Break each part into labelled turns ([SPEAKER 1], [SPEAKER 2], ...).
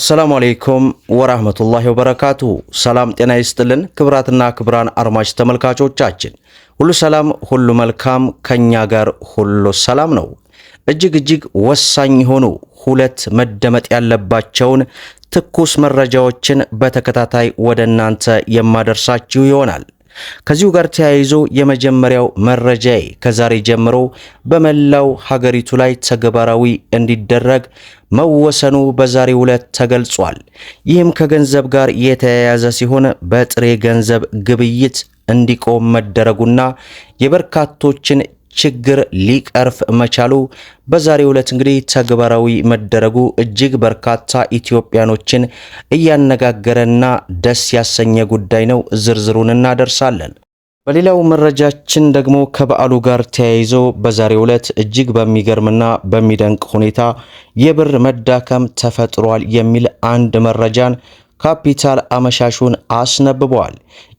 [SPEAKER 1] አሰላሙ አሌይኩም ወራህመቱላሂ ወበረካቱ። ሰላም ጤና ይስጥልን ክብራትና ክብራን አድማጭ ተመልካቾቻችን ሁሉ ሰላም ሁሉ መልካም፣ ከኛ ጋር ሁሉ ሰላም ነው። እጅግ እጅግ ወሳኝ የሆኑ ሁለት መደመጥ ያለባቸውን ትኩስ መረጃዎችን በተከታታይ ወደ እናንተ የማደርሳችሁ ይሆናል። ከዚሁ ጋር ተያይዞ የመጀመሪያው መረጃዬ ከዛሬ ጀምሮ በመላው ሀገሪቱ ላይ ተግባራዊ እንዲደረግ መወሰኑ በዛሬው ዕለት ተገልጿል። ይህም ከገንዘብ ጋር የተያያዘ ሲሆን በጥሬ ገንዘብ ግብይት እንዲቆም መደረጉና የበርካቶችን ችግር ሊቀርፍ መቻሉ በዛሬው ዕለት እንግዲህ ተግባራዊ መደረጉ እጅግ በርካታ ኢትዮጵያኖችን እያነጋገረና ደስ ያሰኘ ጉዳይ ነው። ዝርዝሩን እናደርሳለን። በሌላው መረጃችን ደግሞ ከበዓሉ ጋር ተያይዞ በዛሬው ዕለት እጅግ በሚገርምና በሚደንቅ ሁኔታ የብር መዳከም ተፈጥሯል የሚል አንድ መረጃን ካፒታል አመሻሹን አስነብበዋል።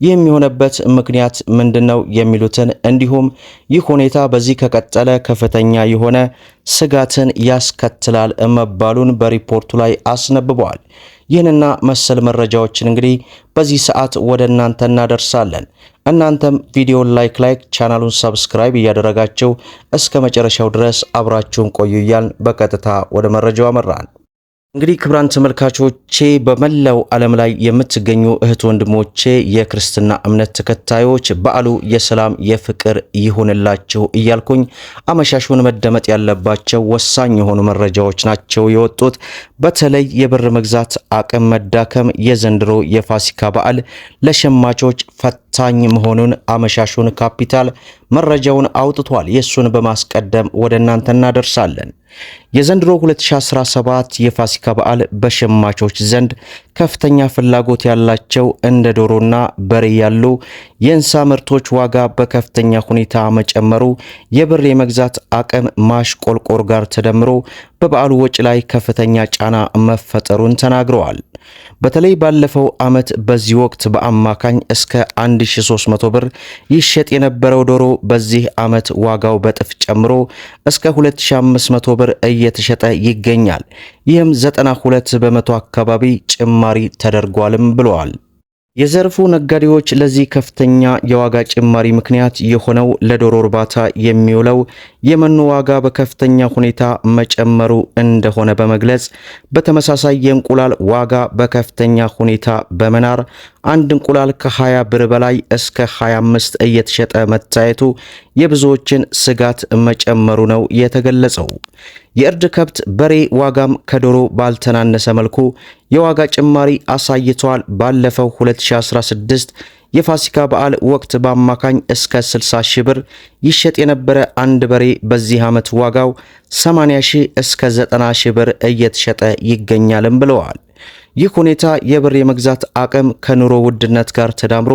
[SPEAKER 1] ይህ የሆነበት ምክንያት ምንድነው? የሚሉትን እንዲሁም ይህ ሁኔታ በዚህ ከቀጠለ ከፍተኛ የሆነ ስጋትን ያስከትላል መባሉን በሪፖርቱ ላይ አስነብበዋል። ይህንና መሰል መረጃዎችን እንግዲህ በዚህ ሰዓት ወደ እናንተ እናደርሳለን። እናንተም ቪዲዮን ላይክ ላይክ ቻናሉን ሰብስክራይብ እያደረጋችሁ እስከ መጨረሻው ድረስ አብራችሁን ቆዩ እያልን በቀጥታ ወደ መረጃው አመራን። እንግዲህ ክብራን ተመልካቾቼ በመላው ዓለም ላይ የምትገኙ እህት ወንድሞቼ የክርስትና እምነት ተከታዮች በዓሉ የሰላም የፍቅር ይሁንላችሁ እያልኩኝ አመሻሹን መደመጥ ያለባቸው ወሳኝ የሆኑ መረጃዎች ናቸው የወጡት። በተለይ የብር መግዛት አቅም መዳከም የዘንድሮ የፋሲካ በዓል ለሸማቾች ፈት ፈታኝ መሆኑን አመሻሹን ካፒታል መረጃውን አውጥቷል። የእሱን በማስቀደም ወደ እናንተ እናደርሳለን። የዘንድሮ 2017 የፋሲካ በዓል በሸማቾች ዘንድ ከፍተኛ ፍላጎት ያላቸው እንደ ዶሮና በሬ ያሉ የእንስሳ ምርቶች ዋጋ በከፍተኛ ሁኔታ መጨመሩ የብር የመግዛት አቅም ማሽቆልቆር ጋር ተደምሮ በበዓሉ ወጪ ላይ ከፍተኛ ጫና መፈጠሩን ተናግረዋል። በተለይ ባለፈው ዓመት በዚህ ወቅት በአማካኝ እስከ 1300 ብር ይሸጥ የነበረው ዶሮ በዚህ ዓመት ዋጋው በጥፍ ጨምሮ እስከ 2500 ብር እየተሸጠ ይገኛል። ይህም 92 በመቶ አካባቢ ጭማሪ ተደርጓልም ብለዋል። የዘርፉ ነጋዴዎች ለዚህ ከፍተኛ የዋጋ ጭማሪ ምክንያት የሆነው ለዶሮ እርባታ የሚውለው የመኖ ዋጋ በከፍተኛ ሁኔታ መጨመሩ እንደሆነ በመግለጽ በተመሳሳይ የእንቁላል ዋጋ በከፍተኛ ሁኔታ በመናር አንድ እንቁላል ከ20 ብር በላይ እስከ 25 እየተሸጠ መታየቱ የብዙዎችን ስጋት መጨመሩ ነው የተገለጸው። የእርድ ከብት በሬ ዋጋም ከዶሮ ባልተናነሰ መልኩ የዋጋ ጭማሪ አሳይተዋል። ባለፈው 2016 የፋሲካ በዓል ወቅት በአማካኝ እስከ 60 ሺህ ብር ይሸጥ የነበረ አንድ በሬ በዚህ ዓመት ዋጋው 80 ሺህ እስከ 90 ሺህ ብር እየተሸጠ ይገኛልም ብለዋል። ይህ ሁኔታ የብር የመግዛት አቅም ከኑሮ ውድነት ጋር ተዳምሮ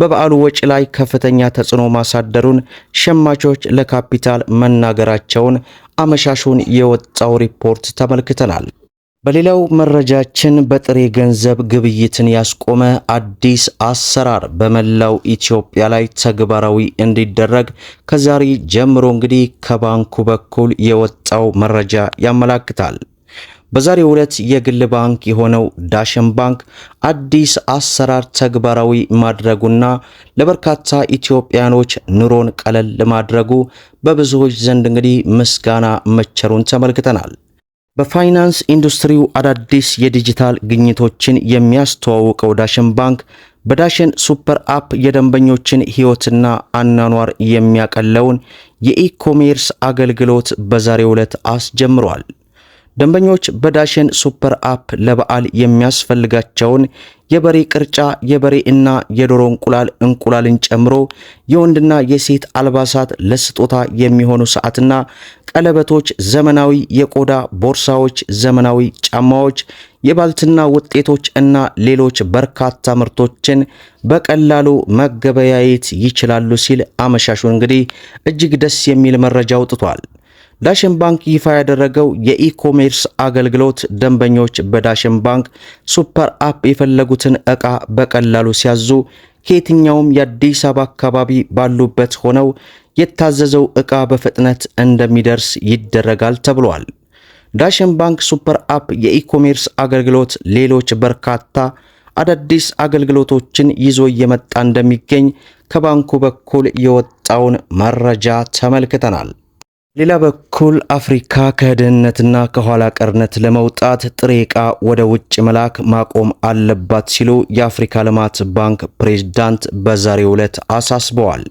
[SPEAKER 1] በበዓሉ ወጪ ላይ ከፍተኛ ተጽዕኖ ማሳደሩን ሸማቾች ለካፒታል መናገራቸውን አመሻሹን የወጣው ሪፖርት ተመልክተናል። በሌላው መረጃችን በጥሬ ገንዘብ ግብይትን ያስቆመ አዲስ አሰራር በመላው ኢትዮጵያ ላይ ተግባራዊ እንዲደረግ ከዛሬ ጀምሮ እንግዲህ ከባንኩ በኩል የወጣው መረጃ ያመላክታል። በዛሬው ዕለት የግል ባንክ የሆነው ዳሽን ባንክ አዲስ አሰራር ተግባራዊ ማድረጉና ለበርካታ ኢትዮጵያኖች ኑሮን ቀለል ለማድረጉ በብዙዎች ዘንድ እንግዲህ ምስጋና መቸሩን ተመልክተናል። በፋይናንስ ኢንዱስትሪው አዳዲስ የዲጂታል ግኝቶችን የሚያስተዋውቀው ዳሽን ባንክ በዳሽን ሱፐር አፕ የደንበኞችን ሕይወትና አናኗር የሚያቀለውን የኢኮሜርስ አገልግሎት በዛሬው ዕለት አስጀምሯል። ደንበኞች በዳሽን ሱፐር አፕ ለበዓል የሚያስፈልጋቸውን የበሬ ቅርጫ፣ የበሬ እና የዶሮ እንቁላል እንቁላልን ጨምሮ የወንድና የሴት አልባሳት፣ ለስጦታ የሚሆኑ ሰዓትና ቀለበቶች፣ ዘመናዊ የቆዳ ቦርሳዎች፣ ዘመናዊ ጫማዎች፣ የባልትና ውጤቶች እና ሌሎች በርካታ ምርቶችን በቀላሉ መገበያየት ይችላሉ ሲል አመሻሹ እንግዲህ እጅግ ደስ የሚል መረጃ አውጥቷል። ዳሽን ባንክ ይፋ ያደረገው የኢኮሜርስ አገልግሎት ደንበኞች በዳሽን ባንክ ሱፐር አፕ የፈለጉትን ዕቃ በቀላሉ ሲያዙ ከየትኛውም የአዲስ አበባ አካባቢ ባሉበት ሆነው የታዘዘው ዕቃ በፍጥነት እንደሚደርስ ይደረጋል ተብሏል። ዳሽን ባንክ ሱፐር አፕ የኢኮሜርስ አገልግሎት ሌሎች በርካታ አዳዲስ አገልግሎቶችን ይዞ እየመጣ እንደሚገኝ ከባንኩ በኩል የወጣውን መረጃ ተመልክተናል። ሌላ በኩል አፍሪካ ከድህነትና ከኋላ ቀርነት ለመውጣት ጥሬ ዕቃ ወደ ውጭ መላክ ማቆም አለባት ሲሉ የአፍሪካ ልማት ባንክ ፕሬዝዳንት በዛሬው ዕለት አሳስበዋል።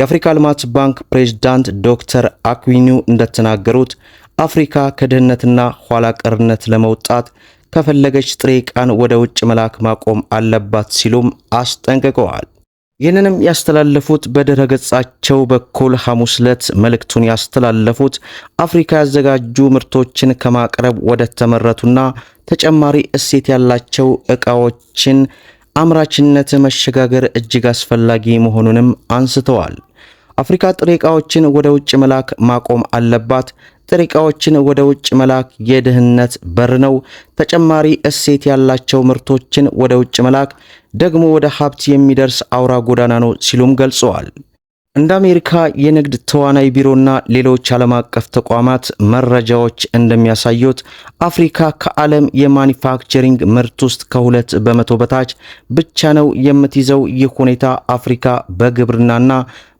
[SPEAKER 1] የአፍሪካ ልማት ባንክ ፕሬዝዳንት ዶክተር አክዊኑ እንደተናገሩት አፍሪካ ከድህነትና ኋላ ቀርነት ለመውጣት ከፈለገች ጥሬ ዕቃን ወደ ውጭ መላክ ማቆም አለባት ሲሉም አስጠንቅቀዋል። ይህንንም ያስተላለፉት ገጻቸው በኩል ሐሙስ ዕለት መልእክቱን ያስተላለፉት አፍሪካ ያዘጋጁ ምርቶችን ከማቅረብ ወደ ተመረቱና ተጨማሪ እሴት ያላቸው ዕቃዎችን አምራችነት መሸጋገር እጅግ አስፈላጊ መሆኑንም አንስተዋል። አፍሪካ ጥሬ ዕቃዎችን ወደ ውጭ መላክ ማቆም አለባት፣ ጥሬ ዕቃዎችን ወደ ውጭ መላክ የድህነት በር ነው። ተጨማሪ እሴት ያላቸው ምርቶችን ወደ ውጭ መላክ ደግሞ ወደ ሀብት የሚደርስ አውራ ጎዳና ነው ሲሉም ገልጸዋል። እንደ አሜሪካ የንግድ ተዋናይ ቢሮና ሌሎች ዓለም አቀፍ ተቋማት መረጃዎች እንደሚያሳዩት አፍሪካ ከዓለም የማኒፋክቸሪንግ ምርት ውስጥ ከሁለት በመቶ በታች ብቻ ነው የምትይዘው። ይህ ሁኔታ አፍሪካ በግብርናና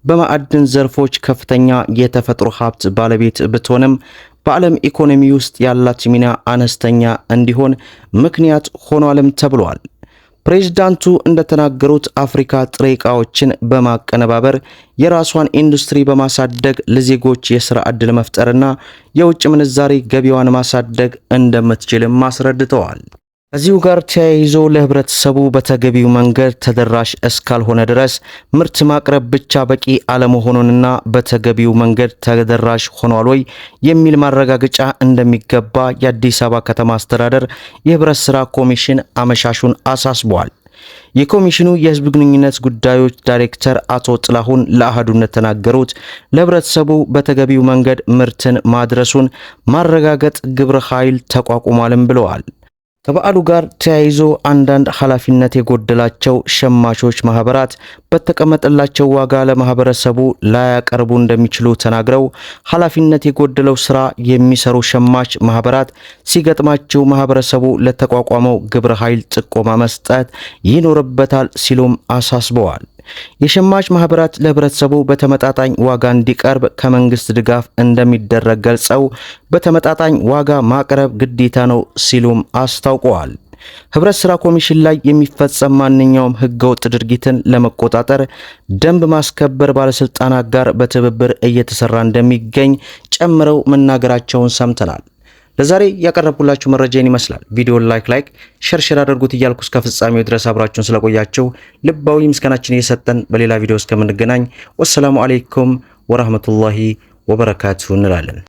[SPEAKER 1] በማዕድን ዘርፎች ከፍተኛ የተፈጥሮ ሀብት ባለቤት ብትሆንም በዓለም ኢኮኖሚ ውስጥ ያላት ሚና አነስተኛ እንዲሆን ምክንያት ሆኗልም ተብሏል። ፕሬዚዳንቱ እንደተናገሩት አፍሪካ ጥሬ ዕቃዎችን በማቀነባበር የራሷን ኢንዱስትሪ በማሳደግ ለዜጎች የሥራ ዕድል መፍጠርና የውጭ ምንዛሪ ገቢዋን ማሳደግ እንደምትችልም አስረድተዋል። ከዚሁ ጋር ተያይዞ ለህብረተሰቡ በተገቢው መንገድ ተደራሽ እስካልሆነ ድረስ ምርት ማቅረብ ብቻ በቂ አለመሆኑንና በተገቢው መንገድ ተደራሽ ሆኗል ወይ የሚል ማረጋገጫ እንደሚገባ የአዲስ አበባ ከተማ አስተዳደር የህብረት ስራ ኮሚሽን አመሻሹን አሳስቧል። የኮሚሽኑ የህዝብ ግንኙነት ጉዳዮች ዳይሬክተር አቶ ጥላሁን ለአህዱነት ተናገሩት። ለህብረተሰቡ በተገቢው መንገድ ምርትን ማድረሱን ማረጋገጥ ግብረ ኃይል ተቋቁሟልም ብለዋል። ከበዓሉ ጋር ተያይዞ አንዳንድ ኃላፊነት የጎደላቸው ሸማቾች ማህበራት በተቀመጠላቸው ዋጋ ለማህበረሰቡ ላያቀርቡ እንደሚችሉ ተናግረው ኃላፊነት የጎደለው ስራ የሚሰሩ ሸማች ማህበራት ሲገጥማቸው ማህበረሰቡ ለተቋቋመው ግብረ ኃይል ጥቆማ መስጠት ይኖርበታል ሲሉም አሳስበዋል። የሸማች ማህበራት ለህብረተሰቡ በተመጣጣኝ ዋጋ እንዲቀርብ ከመንግስት ድጋፍ እንደሚደረግ ገልጸው በተመጣጣኝ ዋጋ ማቅረብ ግዴታ ነው ሲሉም አስታውቀዋል። ህብረት ስራ ኮሚሽን ላይ የሚፈጸም ማንኛውም ህገወጥ ድርጊትን ለመቆጣጠር ደንብ ማስከበር ባለስልጣናት ጋር በትብብር እየተሰራ እንደሚገኝ ጨምረው መናገራቸውን ሰምተናል። ለዛሬ ያቀረብኩላችሁ መረጃን ይመስላል። ቪዲዮን ላይክ ላይክ ሸር ሸር አድርጉት እያልኩ እስከ ፍጻሜው ድረስ አብራችሁን ስለቆያችሁ ልባዊ ምስጋናችን እየሰጠን በሌላ ቪዲዮ እስከምንገናኝ ወሰላሙ አሌይኩም ወራህመቱላሂ ወበረካቱ እንላለን።